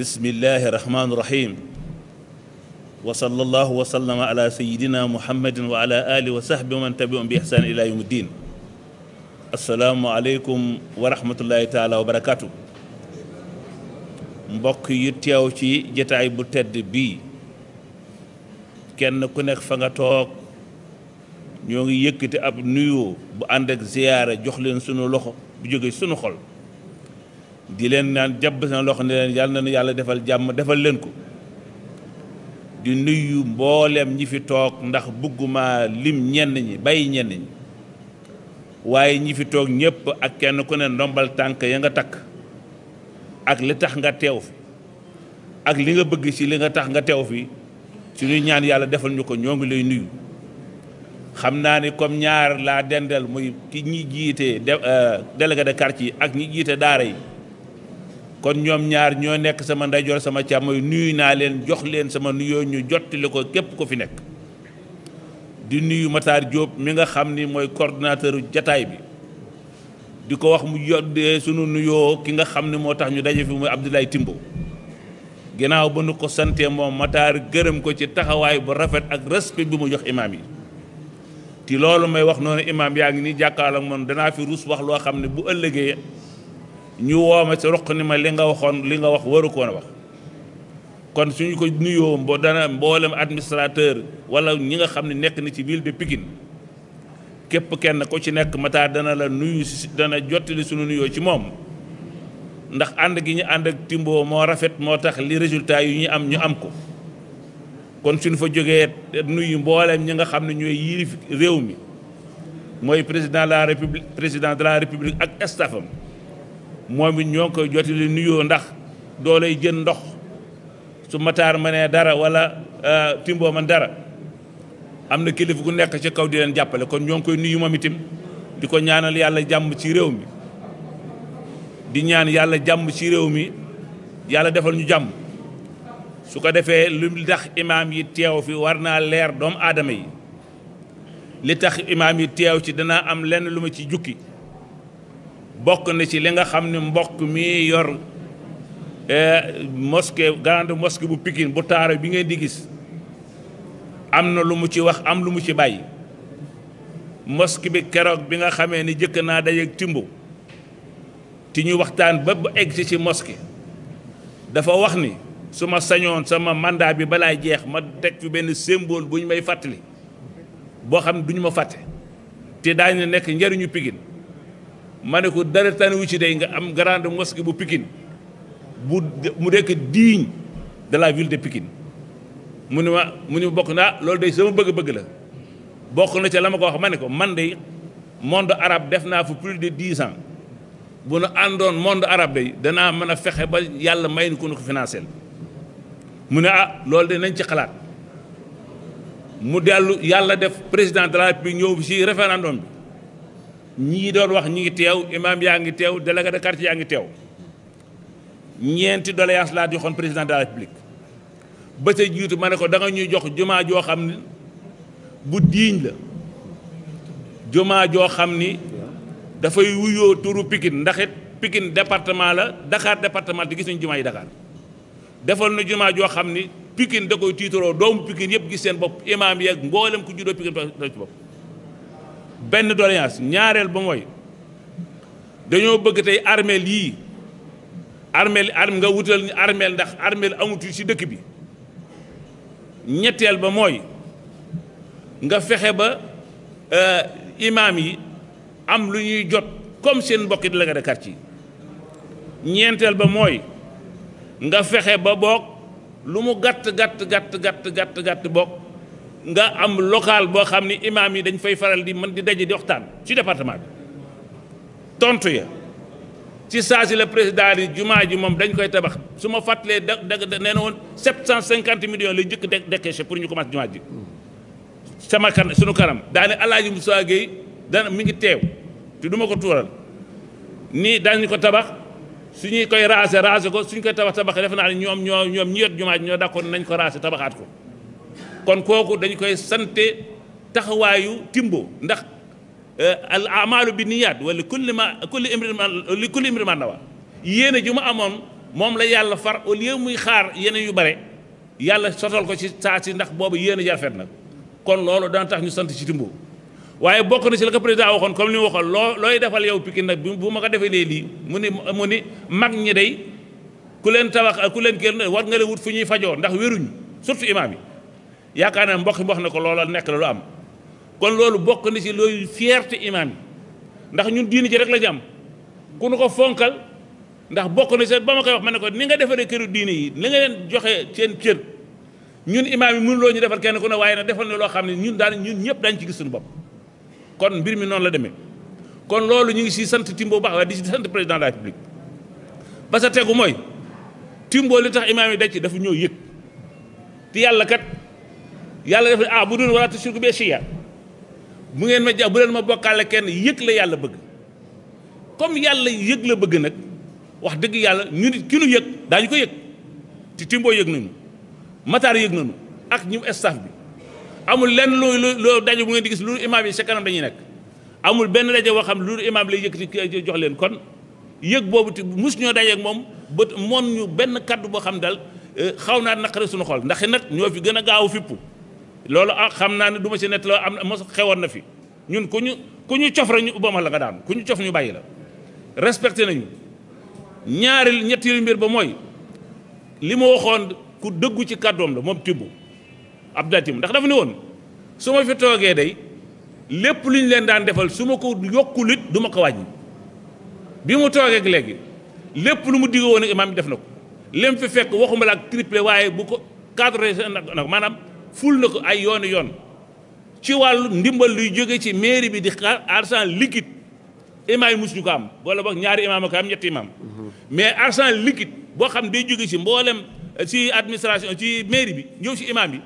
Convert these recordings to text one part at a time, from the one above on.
بسم الله الرحمن الرحيم وصلى الله وسلم على سيدنا محمد وعلى آله وصحبه ومن تبعهم بإحسان إلى يوم الدين السلام عليكم ورحمة الله تعالى وبركاته مبوك يتياو teew جتاي jataay bu tedd bii kenn ku nekk fa nga toog ñoo ngi yëkkati ab nuyoo bu ànd ak ziyaara jox leen sunu loxo di leen naan jàpp seen loxo ne leen yàlla yàlla defal jàmm defal leen ko di nuyu mbooleem ñi fi toog ndax bëgguma lim ñenn ñi bàyyi ñenn ñi waaye ñi fi toog ñépp ak kenn ku ne ndombal tànk yi nga takk ak li tax nga teew fi ak li nga bëgg ci li nga tax nga teew fi suñuy ñaan yàlla defal ñu ko ñoo ngi lay nuyu xam naa ni comme ñaar laa dendal muy ki ñi jiite euh, délégué de quartier ak ñi jiite daara yi kon ñoom ñaar ñoo nekk sama ndeyjoor sama càmmoñ nuyu naa leen jox leen sama nuyoo ñu jottali ko képp ko fi nekk di nuyu Matar Diop mi nga xam ni mooy coordonnateur jataay bi di ko wax mu yoddee sunu nuyoo ki nga xam ne moo tax ñu daje fi muy Abdoulaye Timbo ginnaaw ba nu ko sante moom Matar gërëm ko ci taxawaay bu rafet ak respect bi mu jox imaam yi te loolu may wax noonu imaam yaa ngi nii jàkkaarloo ak moom danaa fi ruus wax loo xam ne bu ëllëgee. ñu wooma ci roq ni ma li nga waxoon li nga wax waru koon a wax kon suñu ko nuyoo mbo dana mboolem administrateur wala ñi nga xam ne nekk na ci ville de Pikine képp kenn ko ci nekk Matar dana la nuyu si dana jottali suñu nuyoo ci moom ndax ànd gi ñu ànd ak Timbo moo rafet moo tax li résultat yi ñu am ñu am ko kon suñu fa jógee nuyu mbooleem ñi nga xam ne ñooy yilif réew mi mooy président la république président la république ak stafam moom it ñoo ngi koy jotali nuyoo ndax doolay jën ndox su mataar ma dara wala euh, timboo man dara am na kilifa gu nekk ci kaw di leen jàppale kon ñoo koy nuyu moom itam di ko ñaanal yàlla jàmm ci réew mi di ñaan yàlla jàmm ci réew mi yàlla defal ñu jàmm su ko defee lu tax imaam yi teew fii war naa leer doomu aadama yi li tax imaam yi teew ci danaa am lenn lu ma ci jukki bokk na ci li nga xam ne mbokk mi yor eh, moske grande mosquée bu Pikine bu taaro bi ngeen di gis am na lu mu ci wax am lu mu ci bàyyi mosquée bi keroog bi nga xamee ni jëkk naa dajeeg timbo ti ñu waxtaan ba ba egg ci mosquée dafa wax ni su ma sañoon sama mandat bi balaa jeex ma teg fi benn simbool bu ñu may fàttali boo xam ne du ñu ma fàtte te daañu nekk njariñu Pikine ma ne ko dara tànniwu ci day nga am grande mosquée bu Pikine bu mu nekk digne de la ville de Pikine mune ne ma mu ne bokk naa loolu day sama bëgg-bëgg la bokk na ca la ko wax ma ko man day monde arabe def naa fa plus de 10 ans bu nu àndoon monde arabe day danaa mën a ba yalla may ni ku ko financé mu ne ah loolu de nañ ci xalaat mu dellu yalla def président de la République ñëw ci référendum bi ñii doon wax ñi ngi teew imam yaa ngi teew délégué de quartier yaa ngi teew ñeenti doléance laa joxoon président de république ba sa jiitu ma ne ko danga ñuy jox jumaa joo xam ne bu diiñ la jumaa joo xam ni dafay wuyoo turu Pikine ndax it Pikine département la Dakar département te gis nañu jumaa yi Dakar defal na jumaa joo xam ni Pikine da koy tiitaroo doomu Pikine yëpp gis seen bopp imaam yeeg mboolem ku juddoo Pikine da ci bopp benn doléance ñaareel ba mooy dañoo bëgg tey armeel yii armeel arm nga wutal ñu armeel ndax armeel amutu si dëkk bi ñetteel ba mooy nga fexe ba euh, imaam yi am lu ñuy jot comme seen mbokki délégué de quartier ñeenteel ba mooy nga fexe ba boog lu mu gàtt gàtt gàtt gàtt gàtt gàtt nga am local boo xam ni imaam yi dañ fay faral di mën di daje di waxtaan ci département bi tontu ya ci saa si la président yi jumaa ji moom dañ koy tabax su ma fàttalee da da nee na woon sept cent cinquante millions lay njëkk a pour ñu commencé jumaa ji sama kan sunu kanam daane Alaaji Moussa Gueye dana mi ngi teew te du ko tuural nii daañu ko tabax su ñuy koy raase raase ko suñ koy tabax tabax defe naa ne ñoom ñoo ñoom ñi yot jumaa ji ñoo d'accord nañ ko raase tabaxaat ko kon kooku dañu koy sante taxawaayu timbo ndax eh, al amaalu bi niyaat wala kulli ma kulli imri ma li kulli imri ma nawa yéene ju ma amoon moom la yàlla far au lieu muy xaar yeneen yu bare yàlla sotal ko ci saa si ndax boobu yéene jarfet nag kon loolu dana tax ñu sant ci timbo waaye bokk na si la ko président waxoon comme li mu waxoon loo looy defal yow Pikine nag bu ma ko defee lii mu ni mu ni mag ñi day ku leen tabax ku leen génn war nga la wut fu ñuy fajoo ndax wéruñ surtout imaam yi yaakaar naa mbokk mi wax na ko loola nekk la lu am kon loolu bokk na ci looy fierté imaam yi ndax ñun diini ji rek la ñu am ku nu ko fonkal ndax bokk na seen ba ma koy wax ma ne ko ni nga defaree këru diini yi li nga leen joxe seen cër ñun imaam yi mënuloo ñu defar kenn ku ne waaye nag defal ne loo xam ne ñun daan ñun ñëpp dañ ci gis suñu bopp kon mbir mi noonu la demee kon loolu ñu ngi ci sant timboo baax waaye di ci sant président de la République ba sa tegu mooy Timbo li tax imaam yi daj ci dafa ñoo yëg kat yàlla def ne ah bu dul wala tushriku bi shay'a bu ngeen ma ja bu leen ma bokkaale kenn yëg la yàlla bëgg comme yàlla yëg la bëgg nag wax dëgg yàlla ñu nit ki nu yëg daañu ko yëg ti timboo yëg nañu mataar yëg nañu ak ñu staff bi amul lenn loo loo daje bu ngeen di gis lu imaam yi sa dañuy nekk amul benn daje boo xam lu imaam lay yëkkati jox leen kon yëg boobu ti mus ñoo daje ak moom ba moon ñu benn kàddu boo xam daal eh, xaw naa naqare suñu xol ndax nag ñoo fi gën a gaawu fippu loolu ah xam naa ne duma ma si nett la am na mos xewoon na fi ñun ku ñu ku ñu cof rek ñu ubbama la nga daanu ku ñu cof ñu bàyyi la respecté nañu ñaari ñetteelu mbir ba mooy li ma waxoon ku dëggu ci kàddoom la moom tibb abdatim ndax dafa ne woon su ma fi toogee day lépp lu ñu leen daan defal su ma ko yokkulit duma ko wàññi bi mu toogeeg léegi lépp lu mu digg woon ak imaam def na ko lim fi fekk waxuma la ak triplé waaye bu ko cadre nag maanaam ful na ko ay yoonu yoon ci wàllu ndimbal luy jóge ci mairie bi di argent liquide imaam yi mosuñu ko am boole boog ñaari imaam ko am ñetti imaam mais argent liquide boo xam day jóge ci mboolem euh, ci administration ci mairie bi ñëw si imaam yi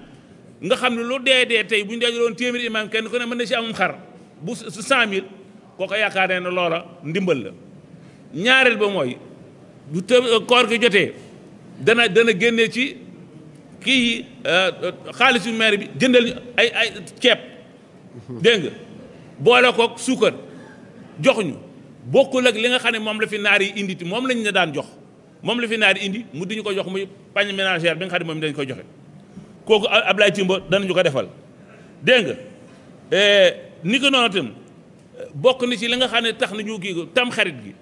nga xam ne lu dee dee tey bu ñu dajaloon téeméeri imaam kenn ku ne mën na si amum xar bu cent mille kooko yaakaar ne na loola ndimbal la ñaareel ba mooy koor gi jotee dana dana génne ci kii euh, xaalisu maire bi jëndal ñu ay ay ceeb dégg boole kook suukar jox ñu bokkul ak li nga xam ne moom la fi naar yi indi moom lañ ne daan jox moom la fi naar yi indi mu duñu ko jox muy pañ ménagère bi nga xam ne moom dañ koy joxe kooku Ablaye Timbo danañu ko defal dégg nga euh, ni ko noonu tam bokk na ci li nga xam ne tax na ñu kii ko tam xarit gi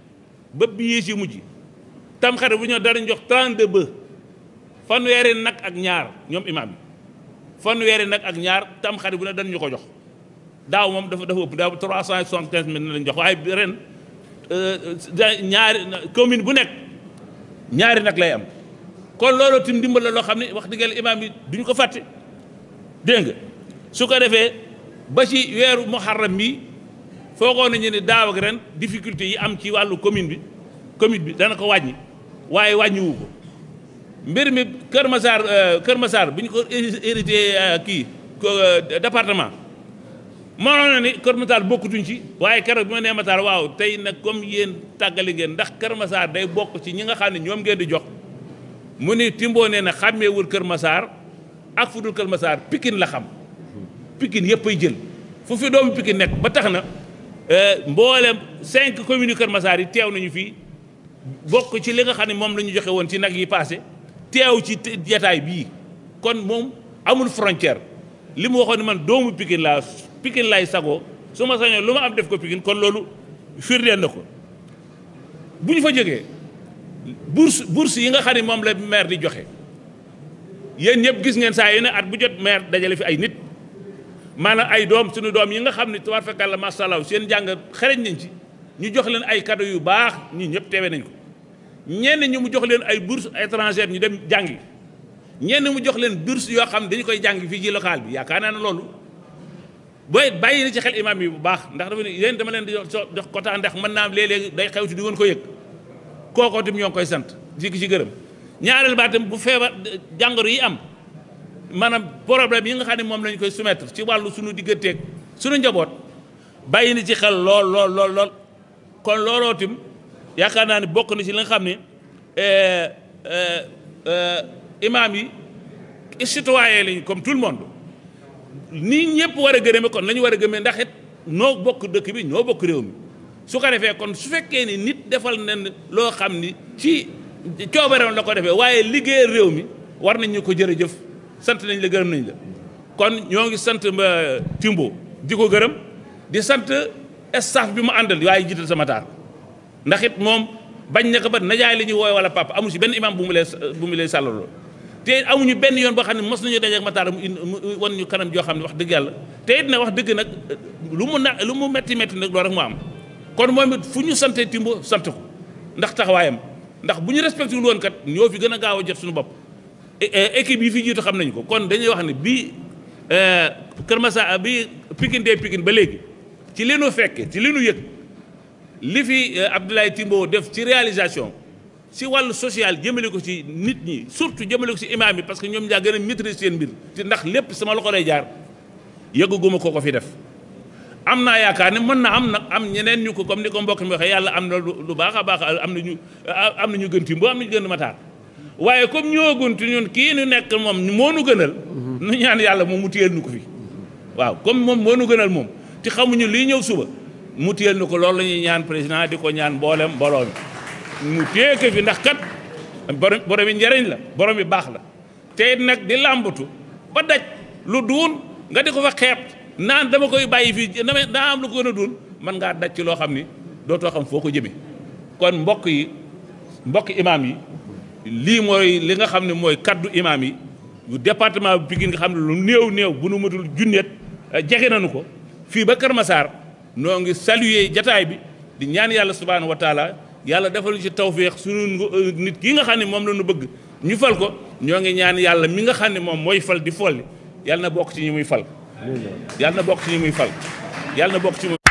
ba bi yées yi mujj tam xarit bu ñëw danañ jox 32 ba fanweeri nag ak ñaar ñoom imaam yi fanweeri nag ak ñaar tam xarit bu ne dañ ñu ko jox daaw moom dafa dafa ëpp daaw trois cent soixante-quinze mille lañ jox waaye ren euh, euh, ñaari commune bu nekk ñaari nag lay am kon loolu tim ndimbal la loo xam ne wax dëgg yàlla imaam yi duñu ko fàtte dégg nga su ko defee ba ci weeru muharram bi foogoo nañu ne daaw ren difficulté yi am ci wàllu commune bi commune bi dana ko wàññi waaye wàññiwu ko mbir mi Kër Massar euh, Kër Massar bi ñu ko hérité euh, kii euh, département mënoon na ni Kër Massar bokkutuñ ci waaye keroog bi ma nee Massar waaw tey nag comme yéen tàggali ngeen ndax Kër Massar day bokk ci ñi nga xam ne ñoom ngeen di jox mu ni Timbo nee na xàmmeewul Kër masaar ak fu dul Kër Massar Pikine la xam Pikine yëpp ay jël fu fi doomu Pikine nekk ba tax na mboolem cinq commune Kër Massar yi teew nañu fii bokk ci li nga xam ne moom la ñu joxe woon ci nag yi passé teew ci jataay bii kon moom amul frontière li mu waxoon ne man doomu Pikine laa Pikine laay sagoo su ma sañoon lu ma am def ko Pikine kon loolu firndeel na ko bu ñu fa jógee bourse bourse yi nga xam ne moom la maire di joxe yéen ñëpp gis ngeen saa yu at bu jot maire dajale fi ay nit maanaam ay doom suñu doom yi nga xam ne tubaar fakal la masalaw seen jàng xereñ nañ ci ñu jox leen ay cadeau yu baax ñi ñëpp teewee nañ ko ñenn ñi mu jox leen ay bourse étrangère ñu dem jàngi ñenn mu jox leen bourse yoo xam dañu koy jàngi fii ci local bi yaakaar naa ne loolu booy bàyyi na ci xel imaam yi bu baax ndax dafa ne yéen dama leen di jox quota ndax mën naa am léeg-léeg day xew ci du ngeen ko yëg kookoo tam ñoo koy sant di ci gërëm ñaareel ba tam bu feebar jàngoro yi am maanaam problème yi nga xam ne moom lañu koy soumettre ci wàllu suñu digganteeg suñu njaboot bàyyi na ci xel lool lool lool lool kon looloo tim yaakaar naa ne bokk na ci li nga xam ne eh, eh, eh, imaam yi citoyen lañu comme tout le monde ni ñëpp war a gërëme kon lañu war a gërëme ndax it noo bokk dëkk bi ñoo bokk réew mi su ko defee kon su fekkee ni nit defal ne loo xam ni ci coobareem la ko defee waaye liggéey réew mi war nañ ñu ko jëf sant nañ la gërëm nañ la kon ñoo ngi sant Timbo di ko gërëm di sant staff bi mu àndal waaye jiital sama taar ndax it moom bañ na ko ba najaay la ñuy wooy wala papa amu si benn imam bu mu lee bu mu lee sàllaloo te amuñu benn yoon boo xam ne mos nañu daje ma taal mu wan ñu kanam joo xam ne wax dëgg yàlla te it wax dëgg nag lu mu na lu mu metti metti nag loolu rek mu am kon moom it fu ñu sante Timbo sant ko ndax taxawaayam ndax bu ñu respecté wul woon kat ñoo fi gën a gaaw a jot suñu bopp équipe yi fi jiitu xam nañu ko kon dañuy wax ne bii euh, Kër Massa bii Pikine dee Pikine ba léegi ci li nu fekke ci li nu yëg L'IFI fi euh, Abdoulaye Timbo def ci réalisation ci walu social jëmale ko ci nit ñi surtout jëmale ko ci imaam yi parce que ñom ñaa gëna a maîtriser seen mbir te ndax lepp sama loxo lay jaar yëgguma ko ko fi def amna naa yaakaar ne mën na am nag am ñeneen ñu ko comme ni ko mbokk mi waxe yàlla am na lu baax a baax am na ñu am na ñu gën Timbo am na ñu gën Matar waaye comme ñoo gunti ñun kii ñu nekk moom moo nu gënal nu ñaan yàlla moom mu téyel nu ko fi waaw comme moom moo nu gënal moom te xamuñu lii ñëw suba mu téyel nu ko loolu la ñuy ñaan président di ko ñaan mboolem mbooloo mi mu téye ko fi ndax kat borom borom yi la borom yi baax la te it nag di làmbatu ba daj lu duun nga di ko fa xeet naan dama koy bàyyi fii dama daa am lu ko mën ngaa daj ci loo xam ni dootoo xam foo ko jëmee kon mbokk yi mbokk imaam yi lii mooy li nga xam ne mooy kaddu imaam yi yu département bu Pikine nga xam ne lu néew néew bu nu matul junneet eh, jege nañu ko fii ba Kër Massar noo ngi saluer jataay bi di ñaan yàlla subhaanahu wa taala yàlla defal ci tawféex suñu euh, nit kii nga xam ne moom la nu bëgg ñu fal ko ñoo ngi ñaan yàlla mi nga xam ne moom mooy fal di folli yàlla na bokk ci ñi muy fal yàlla na bokk ci ñi muy fal yàlla na bokk ci